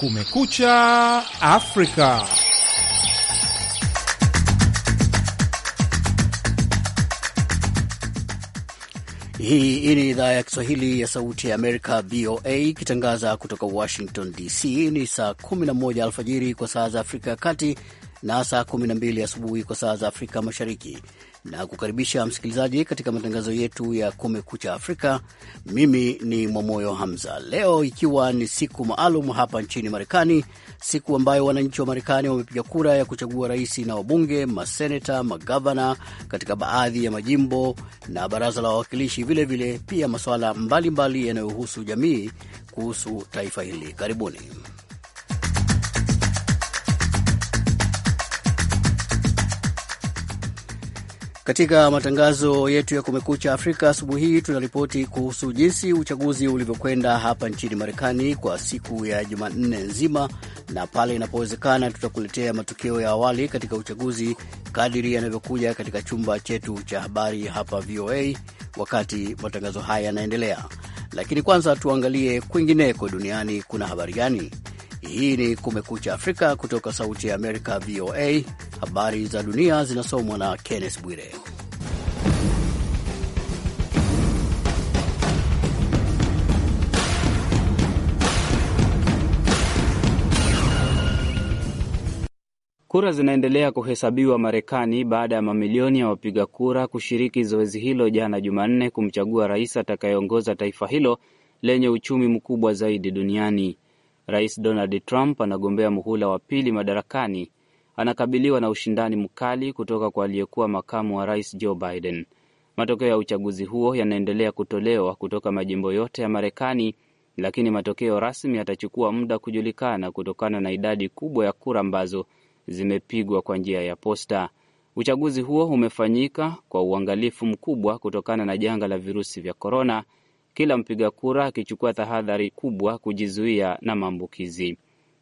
Kumekucha Afrika. Hii ni idhaa ya Kiswahili ya Sauti ya Amerika, VOA, ikitangaza kutoka Washington DC. Ni saa 11 alfajiri kwa saa za Afrika ya Kati na saa 12 asubuhi kwa saa za Afrika Mashariki na kukaribisha msikilizaji katika matangazo yetu ya Kumekucha Afrika. Mimi ni Mwamoyo Hamza. Leo ikiwa ni siku maalum hapa nchini Marekani, siku ambayo wananchi wa Marekani wamepiga kura ya kuchagua rais na wabunge, maseneta, magavana katika baadhi ya majimbo na baraza la wawakilishi, vilevile pia masuala mbalimbali yanayohusu jamii kuhusu taifa hili. Karibuni. Katika matangazo yetu ya Kumekucha Afrika asubuhi hii tunaripoti kuhusu jinsi uchaguzi ulivyokwenda hapa nchini Marekani kwa siku ya Jumanne nzima, na pale inapowezekana tutakuletea matokeo ya awali katika uchaguzi kadiri yanavyokuja katika chumba chetu cha habari hapa VOA wakati matangazo haya yanaendelea. Lakini kwanza tuangalie kwingineko duniani kuna habari gani? Hii ni Kumekucha Afrika kutoka Sauti ya Amerika, VOA. Habari za dunia zinasomwa na Kenneth Bwire. Kura zinaendelea kuhesabiwa Marekani baada ya mamilioni ya wapiga kura kushiriki zoezi hilo jana Jumanne kumchagua rais atakayeongoza taifa hilo lenye uchumi mkubwa zaidi duniani. Rais Donald Trump anagombea muhula wa pili madarakani, anakabiliwa na ushindani mkali kutoka kwa aliyekuwa makamu wa rais Joe Biden. Matokeo ya uchaguzi huo yanaendelea kutolewa kutoka majimbo yote ya Marekani, lakini matokeo rasmi yatachukua muda kujulikana kutokana na idadi kubwa ya kura ambazo zimepigwa kwa njia ya posta. Uchaguzi huo umefanyika kwa uangalifu mkubwa kutokana na janga la virusi vya korona kila mpiga kura akichukua tahadhari kubwa kujizuia na maambukizi.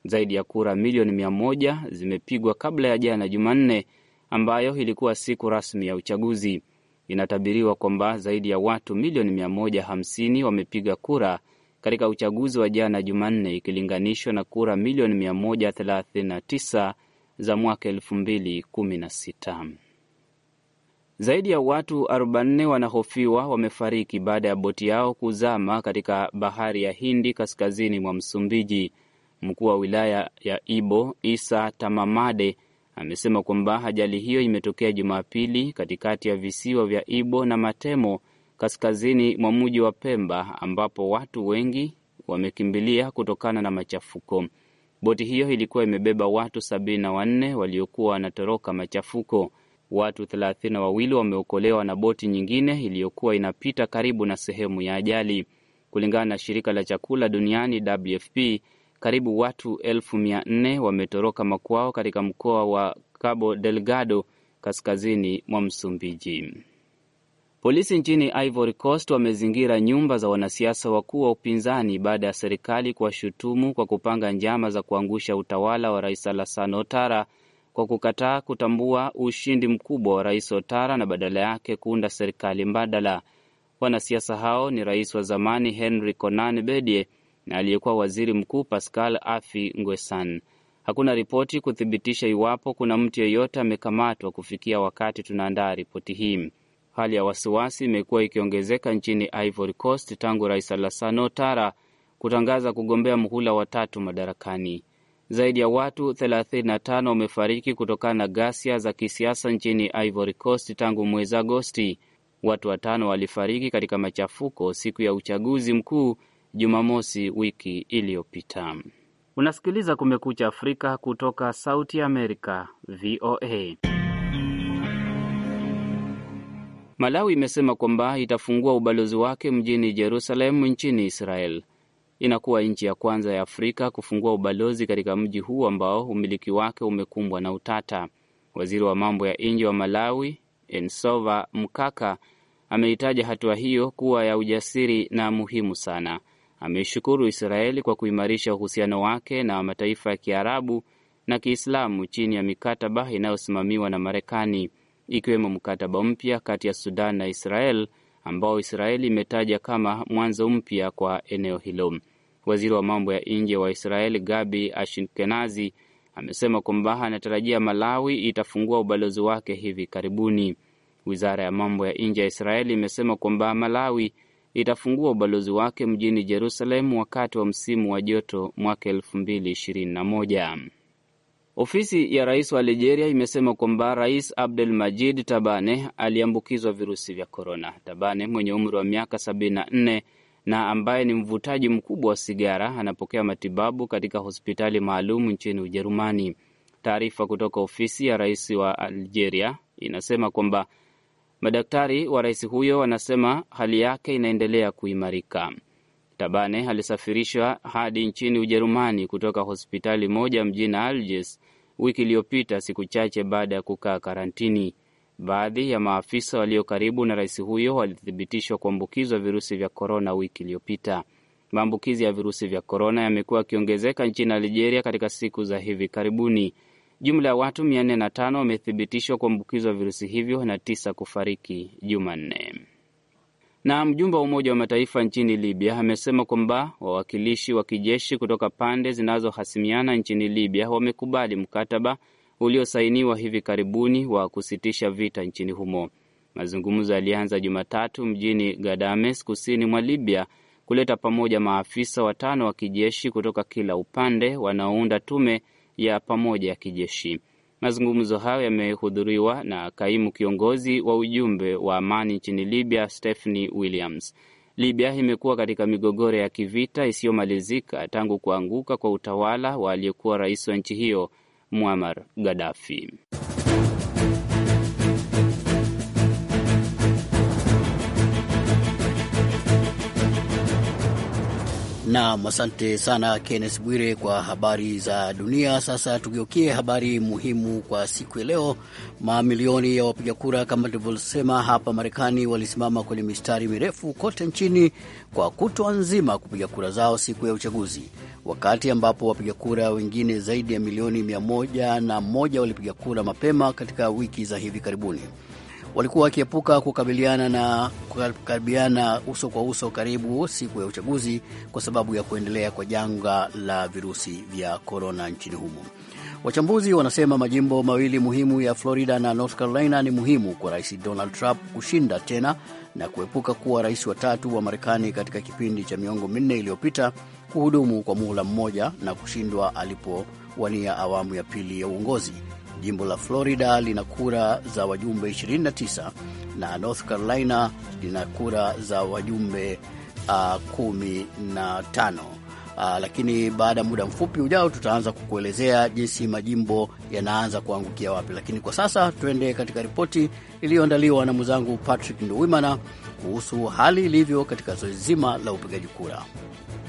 Zaidi ya kura milioni mia moja zimepigwa kabla ya jana Jumanne, ambayo ilikuwa siku rasmi ya uchaguzi. Inatabiriwa kwamba zaidi ya watu milioni mia moja hamsini wamepiga kura katika uchaguzi wa jana Jumanne ikilinganishwa na kura milioni mia moja thelathini na tisa za mwaka elfu mbili kumi na sita. Zaidi ya watu 40 wanahofiwa wamefariki baada ya boti yao kuzama katika bahari ya Hindi kaskazini mwa Msumbiji. Mkuu wa wilaya ya Ibo Isa Tamamade amesema kwamba ajali hiyo imetokea Jumapili katikati ya visiwa vya Ibo na Matemo kaskazini mwa mji wa Pemba ambapo watu wengi wamekimbilia kutokana na machafuko. Boti hiyo ilikuwa imebeba watu 74 waliokuwa wanatoroka machafuko. Watu thelathini na wawili wameokolewa na boti nyingine iliyokuwa inapita karibu na sehemu ya ajali. Kulingana na shirika la chakula duniani WFP, karibu watu elfu mia nne wametoroka makwao katika mkoa wa Cabo Delgado kaskazini mwa Msumbiji. Polisi nchini Ivory Coast wamezingira nyumba za wanasiasa wakuu wa upinzani baada ya serikali kuwashutumu kwa kupanga njama za kuangusha utawala wa Rais Alassane Ouattara kwa kukataa kutambua ushindi mkubwa wa rais Ouattara na badala yake kuunda serikali mbadala. Wanasiasa hao ni rais wa zamani Henry Konan Bedie na aliyekuwa waziri mkuu Pascal Afi Ngwesan. Hakuna ripoti kuthibitisha iwapo kuna mtu yeyote amekamatwa kufikia wakati tunaandaa ripoti hii. Hali ya wasiwasi imekuwa ikiongezeka nchini Ivory Coast tangu rais Alassane Ouattara kutangaza kugombea muhula wa tatu madarakani. Zaidi ya watu 35 wamefariki kutokana na ghasia za kisiasa nchini Ivory Coast tangu mwezi Agosti. Watu watano walifariki katika machafuko siku ya uchaguzi mkuu Jumamosi wiki iliyopita. Unasikiliza Kumekucha Afrika kutoka Sauti ya Amerika, VOA. Malawi imesema kwamba itafungua ubalozi wake mjini Jerusalem nchini Israel inakuwa nchi ya kwanza ya Afrika kufungua ubalozi katika mji huu ambao umiliki wake umekumbwa na utata. Waziri wa mambo ya nje wa Malawi, Ensova Mkaka, ameitaja hatua hiyo kuwa ya ujasiri na muhimu sana. Ameishukuru Israeli kwa kuimarisha uhusiano wake na mataifa ya Kiarabu na Kiislamu chini ya mikataba inayosimamiwa na Marekani, ikiwemo mkataba mpya kati ya Sudan na Israel ambao Israeli imetaja kama mwanzo mpya kwa eneo hilo. Waziri wa mambo ya nje wa Israel Gabi Ashkenazi amesema kwamba anatarajia Malawi itafungua ubalozi wake hivi karibuni. Wizara ya mambo ya nje ya Israeli imesema kwamba Malawi itafungua ubalozi wake mjini jerusalemu wakati wa msimu wa joto mwaka elfu mbili ishirini na moja. Ofisi ya rais wa Algeria imesema kwamba Rais Abdel Majid Tabane aliambukizwa virusi vya korona. Tabane mwenye umri wa miaka 74 na ambaye ni mvutaji mkubwa wa sigara anapokea matibabu katika hospitali maalum nchini Ujerumani. Taarifa kutoka ofisi ya rais wa Algeria inasema kwamba madaktari wa rais huyo wanasema hali yake inaendelea kuimarika. Tabane alisafirishwa hadi nchini Ujerumani kutoka hospitali moja mjini Alges wiki iliyopita, siku chache baada ya kukaa karantini. Baadhi ya maafisa walio karibu na rais huyo walithibitishwa kuambukizwa virusi vya korona wiki iliyopita. Maambukizi ya virusi vya korona yamekuwa yakiongezeka nchini Algeria katika siku za hivi karibuni. Jumla ya watu 405 wamethibitishwa kuambukizwa virusi hivyo na tisa kufariki Jumanne. Na mjumbe wa Umoja wa Mataifa nchini Libya amesema kwamba wawakilishi wa kijeshi kutoka pande zinazohasimiana nchini Libya wamekubali mkataba uliosainiwa hivi karibuni wa kusitisha vita nchini humo. Mazungumzo yalianza Jumatatu mjini Gadames, kusini mwa Libya, kuleta pamoja maafisa watano wa kijeshi kutoka kila upande wanaounda tume ya pamoja ya kijeshi. Mazungumzo hayo yamehudhuriwa na kaimu kiongozi wa ujumbe wa amani nchini Libya, Stephanie Williams. Libya imekuwa katika migogoro ya kivita isiyomalizika tangu kuanguka kwa utawala wa aliyekuwa rais wa nchi hiyo Muammar Gaddafi Naam, asante sana Kennes Bwire kwa habari za dunia. Sasa tugeukie habari muhimu kwa siku ya leo. Mamilioni ya wapiga kura kama tulivyosema hapa Marekani walisimama kwenye mistari mirefu kote nchini kwa kutwa nzima kupiga kura zao siku ya uchaguzi, wakati ambapo wapiga kura wengine zaidi ya milioni mia moja na moja walipiga kura mapema katika wiki za hivi karibuni walikuwa wakiepuka kukabiliana na kukaribiana uso kwa uso karibu siku ya uchaguzi kwa sababu ya kuendelea kwa janga la virusi vya korona nchini humo. Wachambuzi wanasema majimbo mawili muhimu ya Florida na North Carolina ni muhimu kwa Rais Donald Trump kushinda tena na kuepuka kuwa rais wa tatu wa Marekani katika kipindi cha miongo minne iliyopita kuhudumu kwa muhula mmoja na kushindwa alipowania awamu ya pili ya uongozi. Jimbo la Florida lina kura za wajumbe 29 na North Carolina lina kura za wajumbe uh, kumi na tano. Uh, lakini baada ya muda mfupi ujao tutaanza kukuelezea jinsi majimbo yanaanza kuangukia wapi, lakini kwa sasa tuende katika ripoti iliyoandaliwa na mwenzangu Patrick Nduwimana kuhusu hali ilivyo katika zoezi zima la upigaji kura.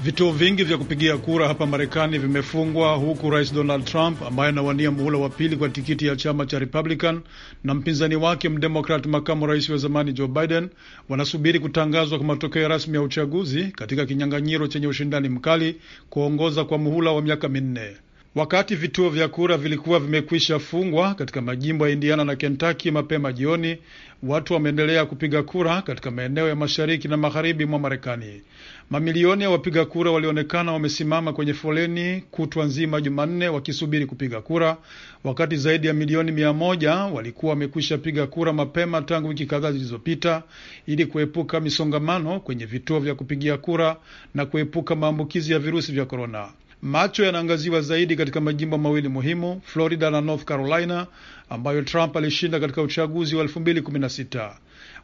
Vituo vingi vya kupigia kura hapa Marekani vimefungwa huku rais Donald Trump ambaye anawania muhula wa pili kwa tikiti ya chama cha Republican na mpinzani wake mdemokrat makamu rais wa zamani Joe Biden wanasubiri kutangazwa kwa matokeo rasmi ya uchaguzi katika kinyang'anyiro chenye ushindani mkali kuongoza kwa muhula wa miaka minne wakati vituo vya kura vilikuwa vimekwisha fungwa katika majimbo ya Indiana na Kentucky. Mapema jioni, watu wameendelea kupiga kura katika maeneo ya mashariki na magharibi mwa Marekani. Mamilioni ya wapiga kura walionekana wamesimama kwenye foleni kutwa nzima Jumanne wakisubiri kupiga kura, wakati zaidi ya milioni mia moja walikuwa wamekwisha piga kura mapema tangu wiki kadhaa zilizopita, ili kuepuka misongamano kwenye vituo vya kupigia kura na kuepuka maambukizi ya virusi vya korona. Macho yanaangaziwa zaidi katika majimbo mawili muhimu, Florida na North Carolina, ambayo Trump alishinda katika uchaguzi wa 2016.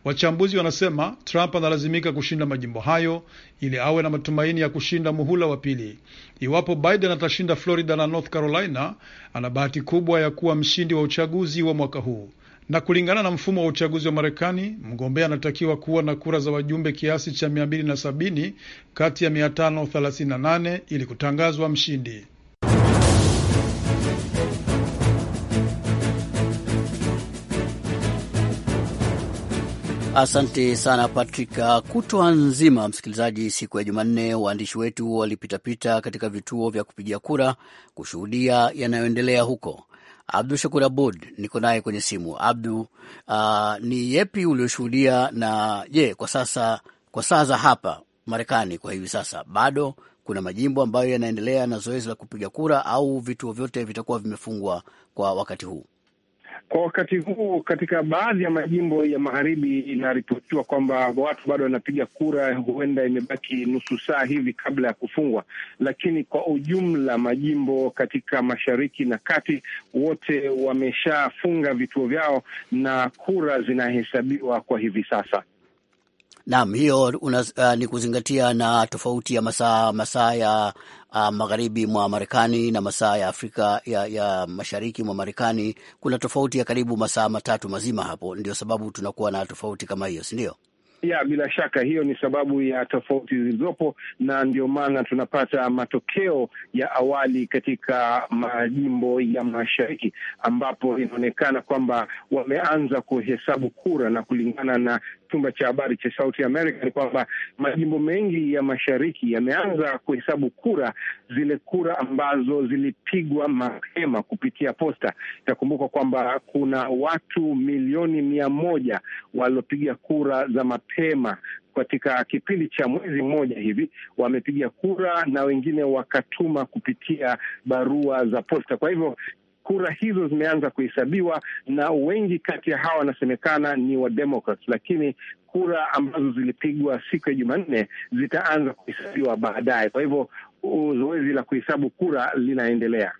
Wachambuzi wanasema Trump analazimika kushinda majimbo hayo ili awe na matumaini ya kushinda muhula wa pili. Iwapo Biden atashinda Florida na North Carolina, ana bahati kubwa ya kuwa mshindi wa uchaguzi wa mwaka huu na kulingana na mfumo wa uchaguzi wa Marekani, mgombea anatakiwa kuwa na kura za wajumbe kiasi cha 270 kati ya 538 ili kutangazwa mshindi. Asante sana Patrick. Kutwa nzima, msikilizaji, siku ya Jumanne waandishi wetu walipitapita katika vituo vya kupigia kura kushuhudia yanayoendelea huko. Abdu Shakur Abud niko naye kwenye simu. Abdu, uh, ni yepi ulioshuhudia na je, kwa sasa, kwa saa za hapa Marekani kwa hivi sasa bado kuna majimbo ambayo yanaendelea na zoezi la kupiga kura au vituo vyote vitakuwa vimefungwa kwa wakati huu? Kwa wakati huu katika baadhi ya majimbo ya magharibi inaripotiwa kwamba watu bado wanapiga kura, huenda imebaki nusu saa hivi kabla ya kufungwa. Lakini kwa ujumla majimbo katika mashariki na kati wote wameshafunga vituo vyao na kura zinahesabiwa kwa hivi sasa. Naam, hiyo uh, ni kuzingatia na tofauti ya masaa masaa ya uh, magharibi mwa Marekani na masaa ya Afrika ya, ya mashariki mwa Marekani. Kuna tofauti ya karibu masaa matatu mazima hapo, ndio sababu tunakuwa na tofauti kama hiyo, si ndio? Ya, bila shaka hiyo ni sababu ya tofauti zilizopo, na ndio maana tunapata matokeo ya awali katika majimbo ya mashariki, ambapo inaonekana kwamba wameanza kuhesabu kura na kulingana na chumba cha habari cha Sauti Amerika ni kwamba majimbo mengi ya mashariki yameanza kuhesabu kura, zile kura ambazo zilipigwa mapema kupitia posta. Itakumbuka kwamba kuna watu milioni mia moja waliopiga kura za mapema katika kipindi cha mwezi mmoja hivi wamepiga kura na wengine wakatuma kupitia barua za posta. Kwa hivyo kura hizo zimeanza kuhesabiwa, na wengi kati ya hawa wanasemekana ni Wademokrat, lakini kura ambazo zilipigwa siku ya Jumanne zitaanza kuhesabiwa baadaye. Kwa hivyo zoezi la kuhesabu kura linaendelea.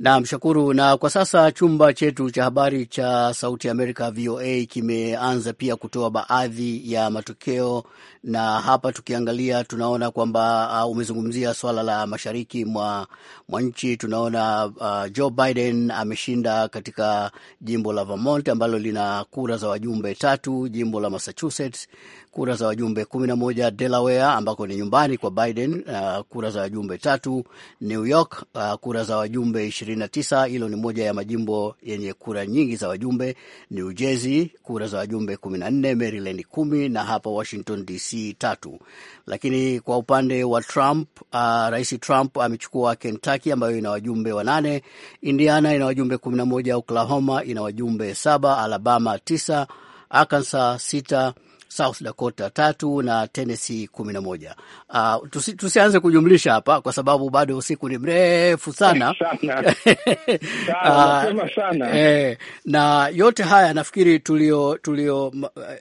Naam, shukuru. Na kwa sasa chumba chetu cha habari cha Sauti Amerika VOA kimeanza pia kutoa baadhi ya matokeo, na hapa tukiangalia tunaona kwamba uh, umezungumzia swala la mashariki mwa, mwa nchi. Tunaona uh, Joe Biden ameshinda katika jimbo la Vermont ambalo lina kura za wajumbe tatu, jimbo la Massachusetts kura za wajumbe kumi na moja, Delaware ambako ni nyumbani kwa Biden uh, kura za wajumbe tatu, New York uh, kura za wajumbe 29. Hilo ni moja ya majimbo yenye kura nyingi za wajumbe. New Jersey kura za wajumbe 14, Maryland kumi na hapa Washington DC tatu. Lakini kwa upande wa Trump, uh, Rais Trump amechukua Kentucky ambayo ina wajumbe wanane, Indiana ina wajumbe 11, Oklahoma ina wajumbe saba, Alabama 9, Arkansas 6 South Dakota tatu na Tennessee kumi na moja. Uh, tusi, tusianze kujumlisha hapa kwa sababu bado usiku ni mrefu sana, sana. uh, sana. Uh, eh, na yote haya nafikiri tulio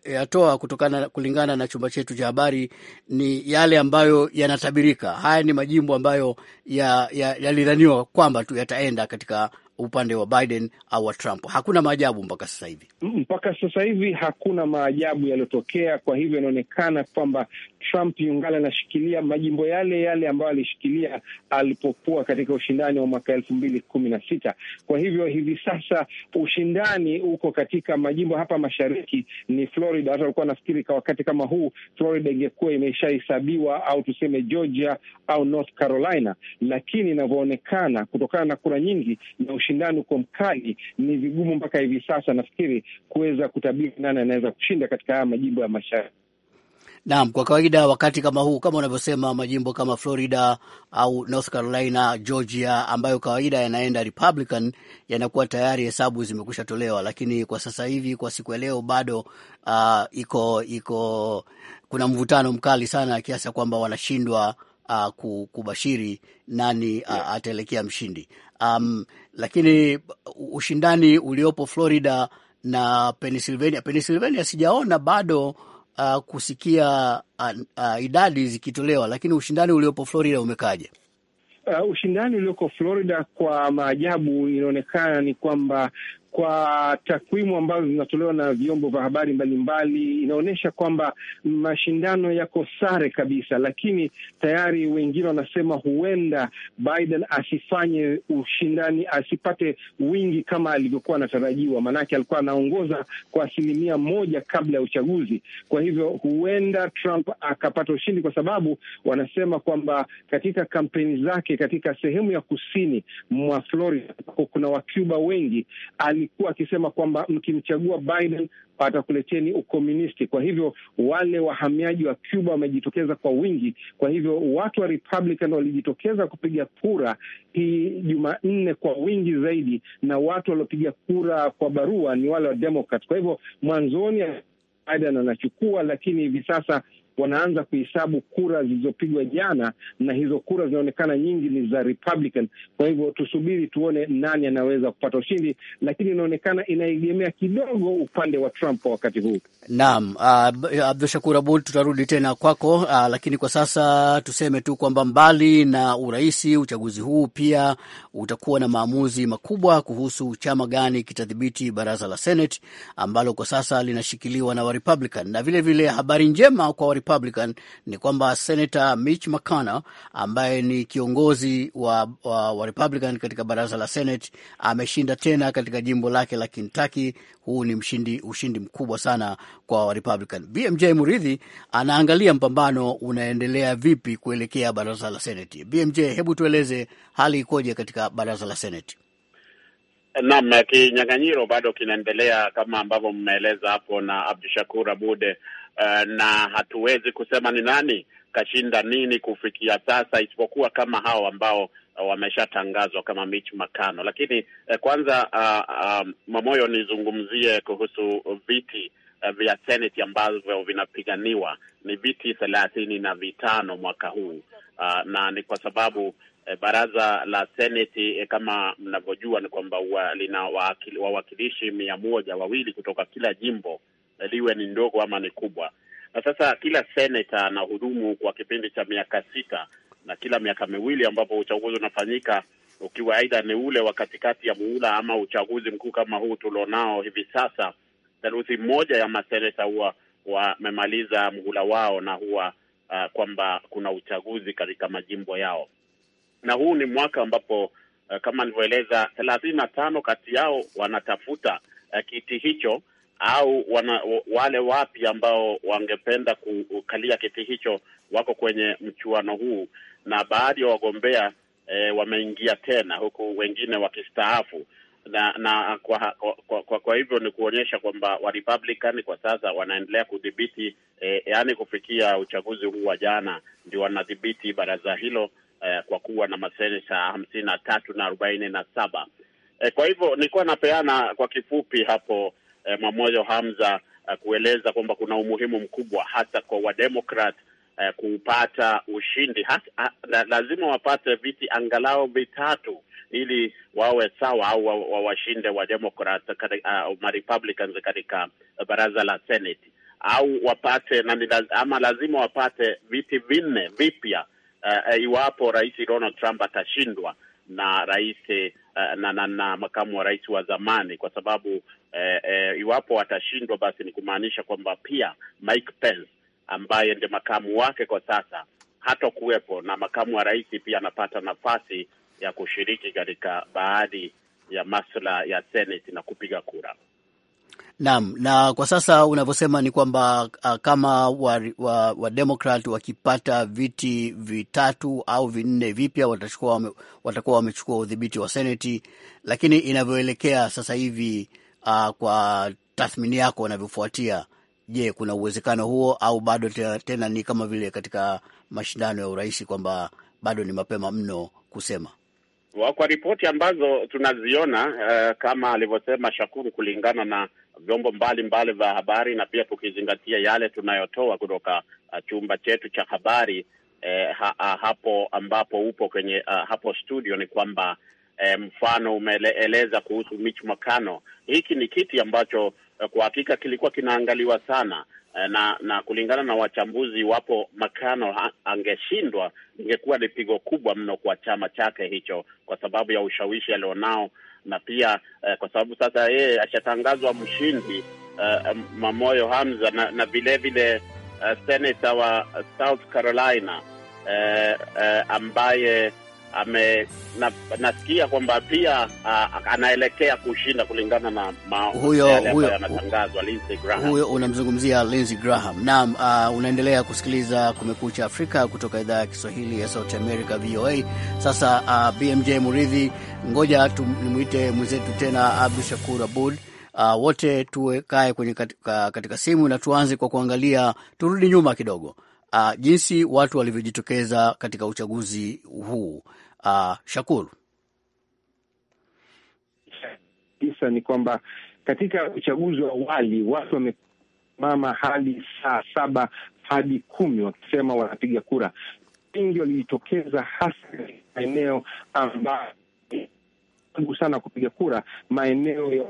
eh, yatoa kutokana kulingana na chumba chetu cha habari ni yale ambayo yanatabirika. Haya ni majimbo ambayo yalidhaniwa ya, ya kwamba tu yataenda katika upande wa Biden au wa Trump. Hakuna maajabu mpaka sasa hivi, mm, mpaka sasa hivi hakuna maajabu yaliyotokea. Kwa hivyo inaonekana kwamba Trump yungana anashikilia majimbo yale yale ambayo alishikilia alipokuwa katika ushindani wa mwaka elfu mbili kumi na sita. Kwa hivyo hivi sasa ushindani uko katika majimbo hapa mashariki ni Florida. Hata alikuwa nafikiri kwa wakati kama huu Florida ingekuwa imeshahesabiwa au tuseme Georgia au North Carolina, lakini inavyoonekana kutokana na kura nyingi na ushindani uko mkali, ni vigumu mpaka hivi sasa nafikiri kuweza kutabiri nani anaweza kushinda katika haya majimbo ya mashariki. Naam, kwa kawaida wakati kama huu, kama unavyosema, majimbo kama Florida au North Carolina, Georgia ambayo kawaida yanaenda Republican yanakuwa tayari hesabu zimekusha tolewa, lakini kwa sasa hivi, kwa siku ya leo bado uh, iko iko kuna mvutano mkali sana kiasi kwamba wanashindwa uh, kubashiri nani uh, ataelekea mshindi um, lakini ushindani uliopo Florida na Pennsylvania, Pennsylvania sijaona bado uh, kusikia uh, uh, idadi zikitolewa, lakini ushindani uliopo Florida umekaja Uh, ushindani ulioko Florida kwa maajabu inaonekana ni kwamba kwa takwimu ambazo zinatolewa na vyombo vya habari mbalimbali, inaonyesha kwamba mashindano yako sare kabisa, lakini tayari wengine wanasema huenda Biden asifanye ushindani, asipate wingi kama alivyokuwa anatarajiwa, maanake alikuwa anaongoza kwa asilimia moja kabla ya uchaguzi. Kwa hivyo huenda Trump akapata ushindi, kwa sababu wanasema kwamba katika kampeni zake katika sehemu ya kusini mwa Florida kuna Wacuba wengi ali alikuwa akisema kwamba mkimchagua Biden patakuleteni ukomunisti. Kwa hivyo wale wahamiaji wa Cuba wamejitokeza kwa wingi. Kwa hivyo watu wa Republican walijitokeza kupiga kura hii Jumanne kwa wingi zaidi, na watu waliopiga kura kwa barua ni wale wa Democrat. Kwa hivyo mwanzoni Biden anachukua, lakini hivi sasa wanaanza kuhesabu kura zilizopigwa jana, na hizo kura zinaonekana nyingi ni za Republican. Kwa hivyo tusubiri tuone nani anaweza kupata ushindi, lakini inaonekana inaegemea kidogo upande wa Trump kwa wakati huu. Naam, uh, Abdu Shakur Abud, tutarudi tena kwako, uh, lakini kwa sasa tuseme tu kwamba mbali na uraisi, uchaguzi huu pia utakuwa na maamuzi makubwa kuhusu chama gani kitadhibiti baraza la Senate ambalo kwa sasa linashikiliwa na Republican, na vilevile vile, habari njema kwa Republican ni kwamba Senator Mitch McConnell ambaye ni kiongozi wa, wa, wa Republican katika baraza la Senate ameshinda tena katika jimbo lake la Kentucky. Huu ni mshindi, ushindi mkubwa sana kwa Republican. BMJ Muridhi anaangalia mpambano unaendelea vipi kuelekea baraza la Senate. BMJ, hebu tueleze hali ikoje katika baraza la Senate? Naam, kinyang'anyiro bado kinaendelea kama ambavyo mmeeleza hapo na Abdushakur Abude. Eh, na hatuwezi kusema ni nani kashinda nini kufikia sasa, isipokuwa kama hao ambao eh, wameshatangazwa kama Mitch McConnell. Lakini eh, kwanza uh, ah, uh, ah, Mamoyo, nizungumzie kuhusu viti uh, vya seneti ambavyo vinapiganiwa. Ni viti thelathini na vitano mwaka huu uh, na ni kwa sababu eh, baraza la seneti eh, kama mnavyojua ni kwamba lina wawakilishi mia moja wawili kutoka kila jimbo liwe ni ndogo ama ni kubwa. Na sasa kila seneta anahudumu kwa kipindi cha miaka sita na kila miaka miwili ambapo uchaguzi unafanyika ukiwa aidha ni ule wa katikati ya muhula ama uchaguzi mkuu kama huu tulionao hivi sasa, theluthi moja ya maseneta huwa wamemaliza muhula wao na huwa uh, kwamba kuna uchaguzi katika majimbo yao, na huu ni mwaka ambapo uh, kama nilivyoeleza, thelathini na tano kati yao wanatafuta uh, kiti hicho au wana, wale wapi ambao wangependa kukalia kiti hicho wako kwenye mchuano huu, na baadhi ya wagombea e, wameingia tena huku wengine wakistaafu na, na kwa, kwa, kwa, kwa hivyo ni kuonyesha kwamba wa Republican kwa sasa wanaendelea kudhibiti e, yaani kufikia uchaguzi huu wa jana ndio wanadhibiti baraza hilo e, kwa kuwa na maseneta hamsini na tatu na arobaini na saba. Kwa hivyo nilikuwa napeana kwa kifupi hapo eh, Mamoyo Hamza eh, kueleza kwamba kuna umuhimu mkubwa hata kwa wademokrat eh, kupata ushindi hata, ha, lazima wapate viti angalau vitatu ili wawe sawa au wawashinde wa wademokrat uh, ah, marepublicans katika baraza la Senate au wapate na, ama lazima wapate viti vinne vipya uh, iwapo rais Donald Trump atashindwa na rais eh, na, na, na makamu wa rais wa zamani, kwa sababu eh, eh, iwapo watashindwa, basi ni kumaanisha kwamba pia Mike Pence ambaye ndiye makamu wake kwa sasa hata kuwepo, na makamu wa rais pia anapata nafasi ya kushiriki katika baadhi ya masuala ya Senate na kupiga kura. Naam, na kwa sasa unavyosema ni kwamba uh, kama wademokrat wa, wa wakipata viti vitatu au vinne vipya watakuwa wamechukua udhibiti wa seneti, lakini inavyoelekea sasa hivi uh, kwa tathmini yako wanavyofuatia je, kuna uwezekano huo au bado tena ni kama vile katika mashindano ya urais kwamba bado ni mapema mno kusema? Kwa ripoti ambazo tunaziona uh, kama alivyosema Shakuru, kulingana na vyombo mbalimbali vya habari na pia tukizingatia yale tunayotoa kutoka uh, chumba chetu cha habari eh, ha, ha, uh, hapo ambapo upo kwenye uh, hapo studio ni kwamba eh, mfano umeeleza kuhusu Mitch Makano. Hiki ni kiti ambacho eh, kwa hakika kilikuwa kinaangaliwa sana eh, na, na kulingana na wachambuzi, iwapo Makano angeshindwa, ingekuwa ni pigo kubwa mno kwa chama chake hicho, kwa sababu ya ushawishi alionao na pia uh, kwa sababu sasa yeye ashatangazwa mshindi uh, eh, Mamoyo Hamza na, na vile vile uh, eh, senata wa South Carolina uh, uh, ambaye ame na, nasikia kwamba pia uh, anaelekea kushinda kulingana na huyo huyo anatangazwa Lindsey Graham. Huyo unamzungumzia Lindsey Graham. Naam, uh, unaendelea kusikiliza Kumekucha Afrika kutoka idhaa ya Kiswahili ya Sauti America VOA. Sasa uh, BMJ Muridhi, ngoja nimwite mwenzetu tena Abdu Shakur Abud. Uh, wote tuwekae kwenye katika, katika simu na tuanze kwa kuangalia, turudi nyuma kidogo, uh, jinsi watu walivyojitokeza katika uchaguzi huu uh, Shakuru? Isa ni kwamba katika uchaguzi wa awali watu wamesimama hadi saa saba hadi kumi wakisema wanapiga kura. Wengi walijitokeza hasa katika maeneo ambayo sana kupiga kura, maeneo ya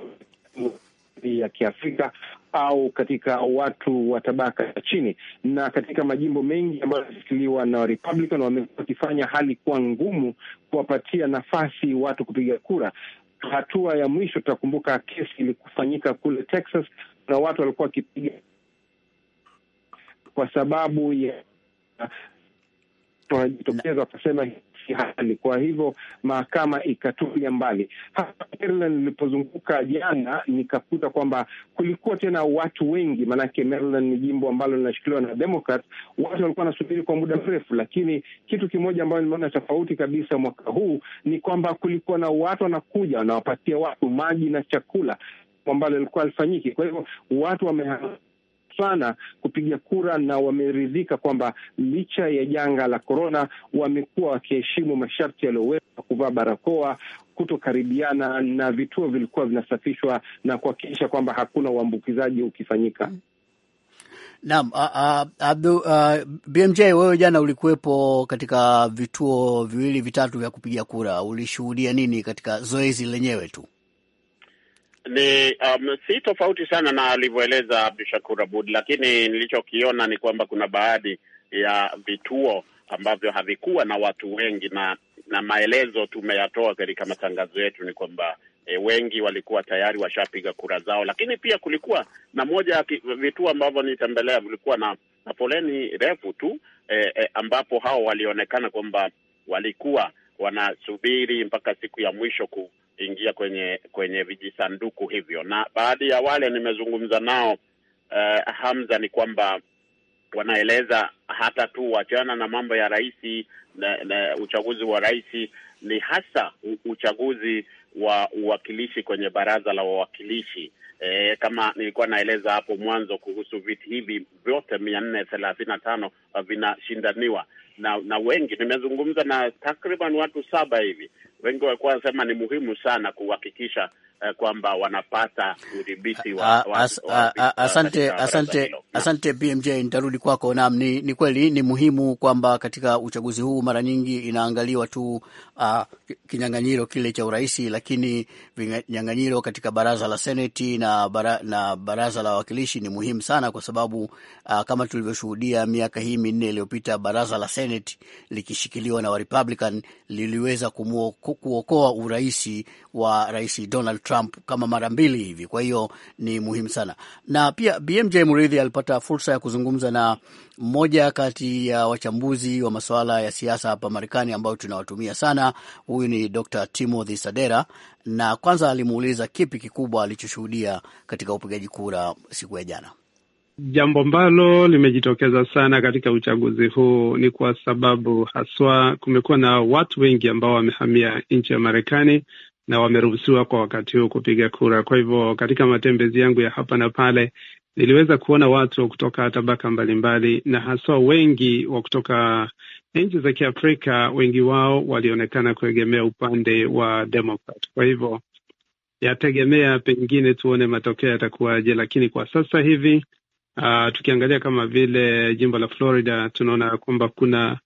ya Kiafrika au katika watu wa tabaka ya chini, na katika majimbo mengi ambayo yanashikiliwa na Republican wamekuwa wakifanya hali kuwa ngumu kuwapatia nafasi watu kupiga kura. Hatua ya mwisho, tutakumbuka kesi ilikufanyika kule Texas na watu walikuwa wakipiga kwa sababu ya wanajitokeza wakasema hali. Kwa hivyo mahakama ikatulia mbali. Hapa Maryland nilipozunguka jana, nikakuta kwamba kulikuwa tena watu wengi, maanake Maryland ni jimbo ambalo linashikiliwa na Democrat. Watu walikuwa wanasubiri kwa muda mrefu, lakini kitu kimoja ambayo nimeona tofauti kabisa mwaka huu ni kwamba kulikuwa na watu wanakuja wanawapatia watu maji na chakula ambalo ilikuwa alifanyiki. Kwa hivyo watu wame sana kupiga kura na wameridhika kwamba licha ya janga la korona, wamekuwa wakiheshimu masharti yaliyowekwa, kuvaa barakoa kutokaribiana na vituo vilikuwa vinasafishwa na kuhakikisha kwamba hakuna uambukizaji ukifanyika. Naam, Abdu BMJ, wewe jana ulikuwepo katika vituo viwili vitatu vya kupiga kura, ulishuhudia nini katika zoezi lenyewe tu? ni um, si tofauti sana na alivyoeleza Abdushakur Abud, lakini nilichokiona ni kwamba kuna baadhi ya vituo ambavyo havikuwa na watu wengi na, na maelezo tumeyatoa katika matangazo yetu ni kwamba e, wengi walikuwa tayari washapiga kura zao, lakini pia kulikuwa na moja ya vituo ambavyo nitembelea vilikuwa na, na foleni refu tu e, e, ambapo hao walionekana kwamba walikuwa wanasubiri mpaka siku ya mwisho ku ingia kwenye kwenye vijisanduku hivyo. Na baadhi ya wale nimezungumza nao uh, Hamza, ni kwamba wanaeleza hata tu wachana na mambo ya rais na, na uchaguzi wa rais, ni hasa uchaguzi wa uwakilishi kwenye baraza la wawakilishi. E, kama nilikuwa naeleza hapo mwanzo kuhusu viti hivi vyote mia nne thelathini na tano eh, vinashindaniwa na, na wengi nimezungumza na takriban watu saba hivi wengi walikuwa wanasema ni muhimu sana kuhakikisha uh, kwamba wanapata udhibiti wa, ah, wa, wa, ah, wa, ah, asante asante asante BMJ, nitarudi kwako. Naam, ni, ni kweli ni muhimu kwamba katika uchaguzi huu mara nyingi inaangaliwa tu uh, kinyang'anyiro kile cha uraisi, lakini vinyang'anyiro katika baraza la seneti na, bara, na baraza la wawakilishi ni muhimu sana kwa sababu uh, kama tulivyoshuhudia miaka hii minne iliyopita baraza la seneti likishikiliwa na Republican liliweza kumuo, kuokoa uraisi wa Rais Donald Trump kama mara mbili hivi. Kwa hiyo ni muhimu sana, na pia BMJ murithi alipata fursa ya kuzungumza na mmoja kati ya wachambuzi wa masuala ya siasa hapa Marekani ambao tunawatumia sana. Huyu ni Dr. Timothy Sadera, na kwanza alimuuliza kipi kikubwa alichoshuhudia katika upigaji kura siku ya jana. Jambo ambalo limejitokeza sana katika uchaguzi huu ni kwa sababu haswa kumekuwa na watu wengi ambao wamehamia nchi ya Marekani na wameruhusiwa kwa wakati huu kupiga kura. Kwa hivyo katika matembezi yangu ya hapa na pale niliweza kuona watu wa kutoka tabaka mbalimbali na haswa wengi wa kutoka nchi za Kiafrika, wengi wao walionekana kuegemea upande wa Democrat. Kwa hivyo yategemea, pengine tuone matokeo yatakuwaje, lakini kwa sasa hivi Uh, tukiangalia kama vile jimbo la Florida tunaona kwamba kuna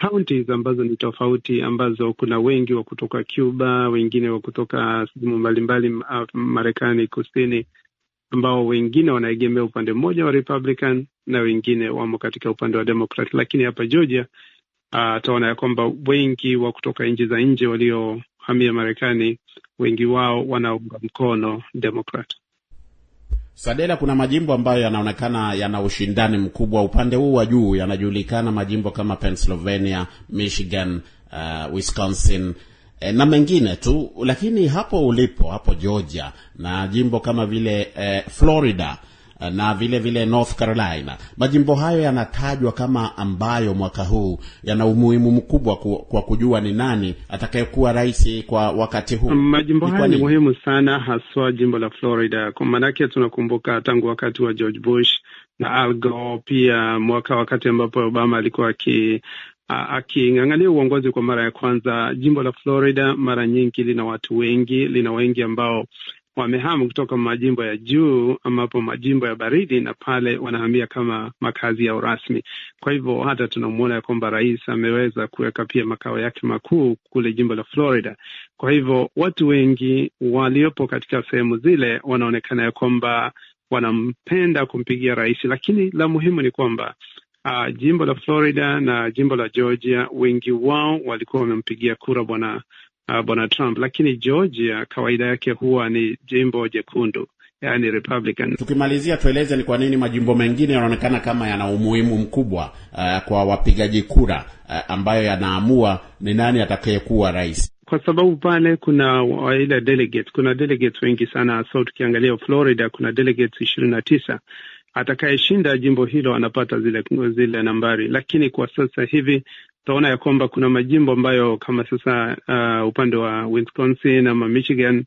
counties ambazo ni tofauti ambazo kuna wengi wa kutoka Cuba, wengine wa kutoka sehemu mbalimbali ah, Marekani kusini ambao wengine wanaegemea upande mmoja wa Republican na wengine wamo katika upande wa Democrat. Lakini hapa Georgia ataona ah, uh, ya kwamba wengi wa kutoka nchi za nje waliohamia Marekani, wengi wao wanaunga mkono Democrat. Sadela, kuna majimbo ambayo yanaonekana yana ushindani mkubwa upande huu wa juu, yanajulikana majimbo kama Pennsylvania, Michigan, uh, Wisconsin e, na mengine tu, lakini hapo ulipo hapo Georgia na jimbo kama vile eh, Florida na vile vile North Carolina. Majimbo hayo yanatajwa kama ambayo mwaka huu yana umuhimu mkubwa kwa kujua ni nani atakayekuwa rais kwa wakati huu. Mm, majimbo hayo ni muhimu sana, haswa jimbo la Florida, kwa maanake tunakumbuka tangu wakati wa George Bush na Al Gore, pia mwaka wakati ambapo Obama alikuwa aki aking'ang'ania uongozi kwa mara ya kwanza. Jimbo la Florida mara nyingi lina watu wengi, lina wengi ambao wamehama kutoka majimbo ya juu ambapo majimbo ya baridi, na pale wanahamia kama makazi yao rasmi. Kwa hivyo hata tunamwona ya kwamba rais ameweza kuweka pia makao yake makuu kule jimbo la Florida. Kwa hivyo watu wengi waliopo katika sehemu zile wanaonekana ya kwamba wanampenda kumpigia rais, lakini la muhimu ni kwamba Uh, jimbo la Florida na jimbo la Georgia wengi wao walikuwa wamempigia kura bwana uh, bwana Trump, lakini Georgia kawaida yake huwa ni jimbo jekundu, yani Republican. Tukimalizia, tueleze ni kwa nini majimbo mengine yanaonekana kama yana umuhimu mkubwa uh, kwa wapigaji kura uh, ambayo yanaamua ni nani atakayekuwa rais kwa sababu pale kuna ile delegate, kuna delegates wengi sana hasa tukiangalia Florida kuna delegates ishirini na tisa. Atakayeshinda jimbo hilo anapata zile zile nambari, lakini kwa sasa hivi utaona ya kwamba kuna majimbo ambayo kama sasa uh, upande wa Wisconsin ama Michigan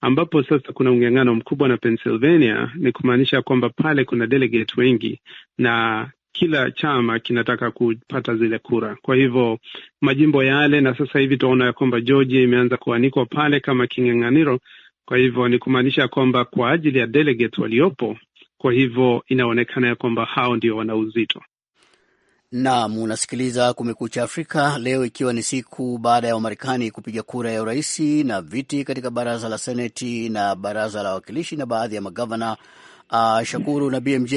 ambapo sasa kuna mng'ang'ano mkubwa na Pennsylvania, ni kumaanisha kwamba pale kuna delegate wengi na kila chama kinataka kupata zile kura. Kwa hivyo majimbo yale, na sasa hivi tunaona ya kwamba Georgia imeanza kuanikwa pale kama king'ang'aniro. Kwa hivyo ni kumaanisha kwamba kwa ajili ya delegate waliopo, kwa hivyo inaonekana ya kwamba hao ndio wana uzito. Naam, unasikiliza Kumekucha Afrika leo, ikiwa ni siku baada ya Wamarekani kupiga kura ya uraisi na viti katika baraza la seneti na baraza la wawakilishi na baadhi ya magavana. Uh, Shakuru na BMJ,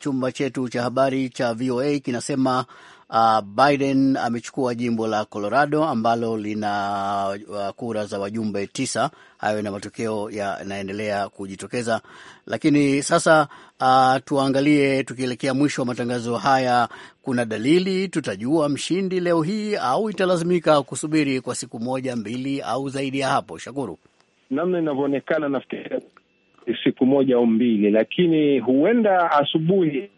chumba chetu cha habari cha VOA kinasema Uh, Biden amechukua jimbo la Colorado ambalo lina uh, kura za wajumbe tisa. Hayo na matokeo yanaendelea kujitokeza, lakini sasa uh, tuangalie, tukielekea mwisho wa matangazo haya, kuna dalili tutajua mshindi leo hii au italazimika kusubiri kwa siku moja mbili au zaidi ya hapo? Shakuru, namna inavyoonekana, nafikiri siku moja au mbili, lakini huenda asubuhi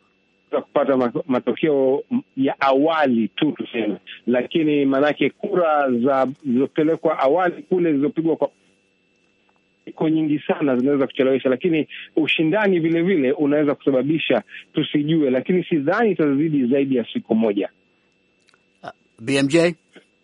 za kupata matokeo ya awali tu tuseme, lakini maanake kura za zilizopelekwa awali kule zilizopigwa kwa iko nyingi sana zinaweza kuchelewesha, lakini ushindani vile vile unaweza kusababisha tusijue, lakini sidhani itazidi zaidi ya siku moja. Uh, ah, BMJ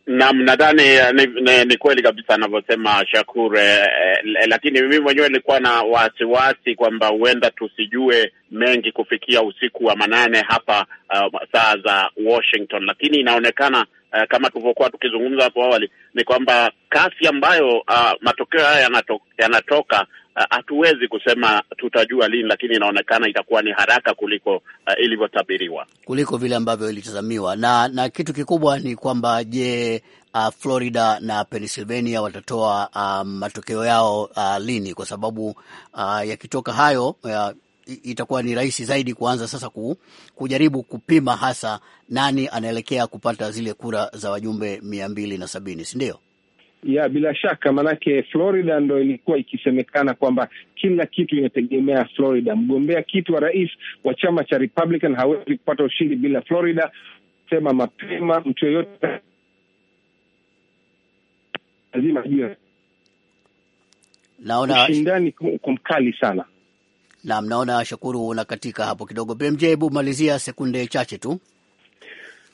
Naam, nadhani eh, ni kweli kabisa anavyosema Shakur eh, eh, eh, lakini mimi mwenyewe nilikuwa na wasiwasi kwamba huenda tusijue mengi kufikia usiku wa manane hapa uh, saa za Washington, lakini inaonekana uh, kama tulivyokuwa tukizungumza hapo awali ni kwamba kasi ambayo uh, matokeo haya yanato, yanatoka Uh, hatuwezi kusema tutajua lini, lakini inaonekana itakuwa ni haraka kuliko uh, ilivyotabiriwa, kuliko vile ambavyo ilitazamiwa. Na na kitu kikubwa ni kwamba je, uh, Florida na Pennsylvania watatoa uh, matokeo yao uh, lini? Kwa sababu uh, yakitoka hayo ya, uh, itakuwa ni rahisi zaidi kuanza sasa ku, kujaribu kupima hasa nani anaelekea kupata zile kura za wajumbe mia mbili na sabini, si ndio? ya bila shaka, maanake Florida ndo ilikuwa ikisemekana kwamba kila kitu inategemea Florida. Mgombea kiti wa rais wa chama cha Republican hawezi kupata ushindi bila Florida. Sema mapema, mtu yoyote lazima ajue naona ushindani kwa mkali sana. Naam, naona Shakuru unakatika hapo kidogo. BMJ, hebu malizia sekunde chache tu.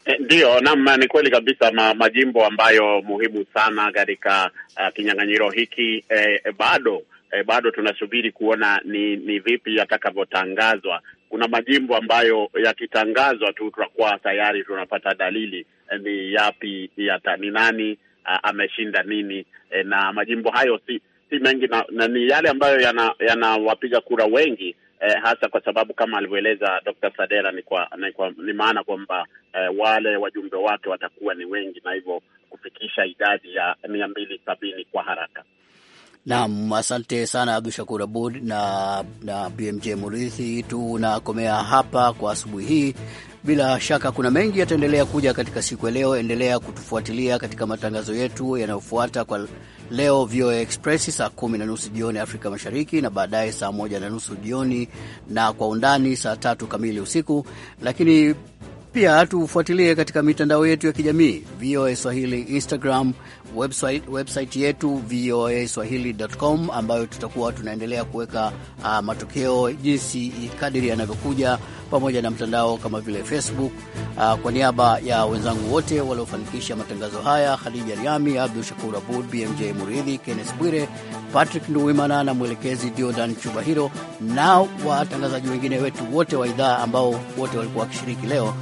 Eh, Ndiyo, naam, ni kweli kabisa. Ma, majimbo ambayo muhimu sana katika uh, kinyang'anyiro hiki eh, eh, bado eh, bado tunasubiri kuona ni, ni vipi yatakavyotangazwa. Kuna majimbo ambayo yakitangazwa tu tutakuwa tayari tunapata dalili eh, ni yapi yata, ni nani uh, ameshinda nini eh, na majimbo hayo si si mengi na, na ni yale ambayo yanawapiga yana kura wengi eh, hasa kwa sababu kama alivyoeleza Dr. Sadera ni kwa, ni, kwa, ni maana kwamba eh, wale wajumbe wake watakuwa ni wengi na hivyo kufikisha idadi ya mia mbili sabini kwa haraka. Naam, asante sana Abdu Shakur Abud na, na BMJ Murithi. Tunakomea hapa kwa asubuhi hii bila shaka kuna mengi yataendelea kuja katika siku ya leo. Endelea kutufuatilia katika matangazo yetu yanayofuata kwa leo, VOA Express saa kumi na nusu jioni Afrika Mashariki, na baadaye saa moja na nusu jioni na kwa undani saa tatu kamili usiku, lakini pia tufuatilie katika mitandao yetu ya kijamii VOA Swahili Instagram, website, website yetu VOA Swahili.com ambayo tutakuwa tunaendelea kuweka uh, matokeo jinsi kadiri yanavyokuja, pamoja na mtandao kama vile Facebook. Uh, kwa niaba ya wenzangu wote waliofanikisha matangazo haya, Khadija Riami, Abdu Shakur Abud, BMJ Muridhi, Kennes Bwire, Patrick Nduwimana na mwelekezi Diodan Chubahiro na watangazaji wengine wetu wote wa idhaa ambao wote walikuwa wakishiriki leo.